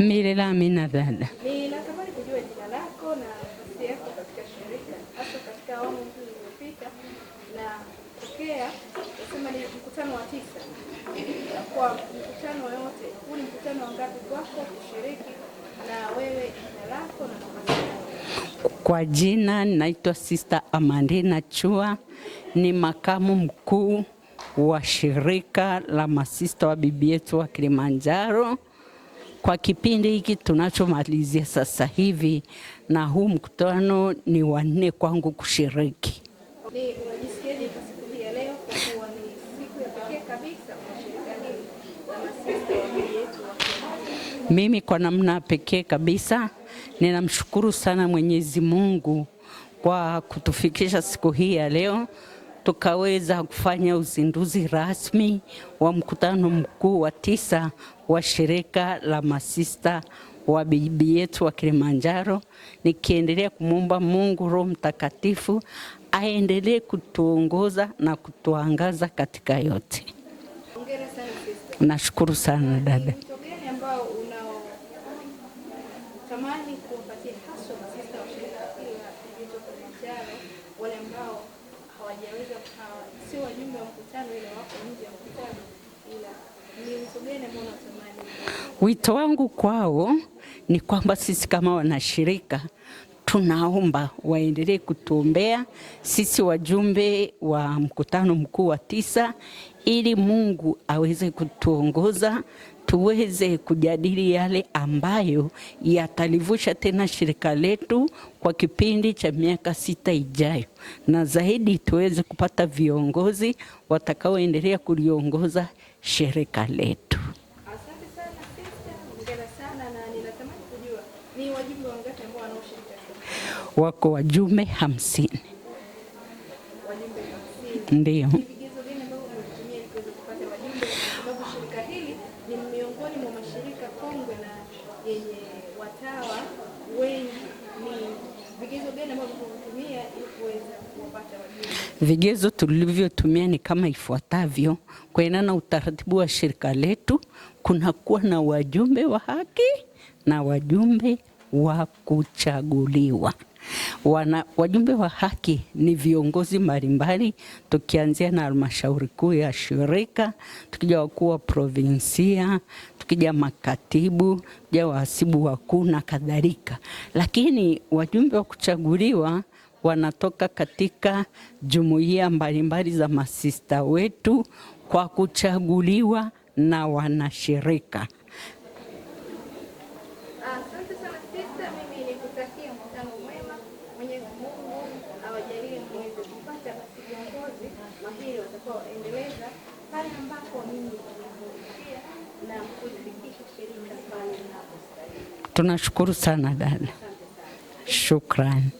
Milila Amina dada. Ninatamani kujua jina lako na nafasi yako katika shirika hasa katika awamu iliyopita na tokea kusema ni mkutano wa tisa. Kwa mkutano yote huu ni mkutano wa ngapi kwako kushiriki na wewe jina lako na nafasi yako? Kwa jina ninaitwa Sister Amandina Chua, ni makamu mkuu wa shirika la masista wa bibi yetu wa Kilimanjaro. Kwa kipindi hiki tunachomalizia sasa hivi na huu mkutano ni wanne kwangu kushiriki. Mimi kwa namna pekee kabisa ninamshukuru sana Mwenyezi Mungu kwa kutufikisha siku hii ya leo tukaweza kufanya uzinduzi rasmi wa mkutano mkuu wa tisa wa shirika la masista wa bibi yetu wa Kilimanjaro, nikiendelea kumwomba Mungu Roho Mtakatifu aendelee kutuongoza na kutuangaza katika yote. Nashukuru sana dada hawajaweza hawa, si wajumbe wa mkutano, ila wako nje ya mkutano, ila ni mtu gani ambao unatamani? Wito wangu kwao ni kwamba sisi kama wanashirika tunaomba waendelee kutuombea sisi wajumbe wa mkutano mkuu wa tisa, ili Mungu aweze kutuongoza tuweze kujadili yale ambayo yatalivusha tena shirika letu kwa kipindi cha miaka sita ijayo, na zaidi tuweze kupata viongozi watakaoendelea kuliongoza shirika letu. ni wangapi ambao wako wajumbe hamsini ndio Vigezo tulivyotumia ni kama ifuatavyo. Kuendana na utaratibu wa shirika letu, kunakuwa na wajumbe wa haki na wajumbe wa kuchaguliwa. Wana, wajumbe wa haki ni viongozi mbalimbali tukianzia na halmashauri kuu ya shirika, tukija wakuu wa provinsia, tukija makatibu, tukija wahasibu wakuu na kadhalika. Lakini wajumbe wa kuchaguliwa wanatoka katika jumuiya mbalimbali za masista wetu kwa kuchaguliwa na wanashirika. mimi nikutakia mkutano mwema. Mwenyezi Mungu awajalie mweze kupata basi viongozi mahiri watakaoendeleza pale ambapo mimi kuia na kulifikisha shirika pale linapostahili. Tunashukuru sana dada, shukrani.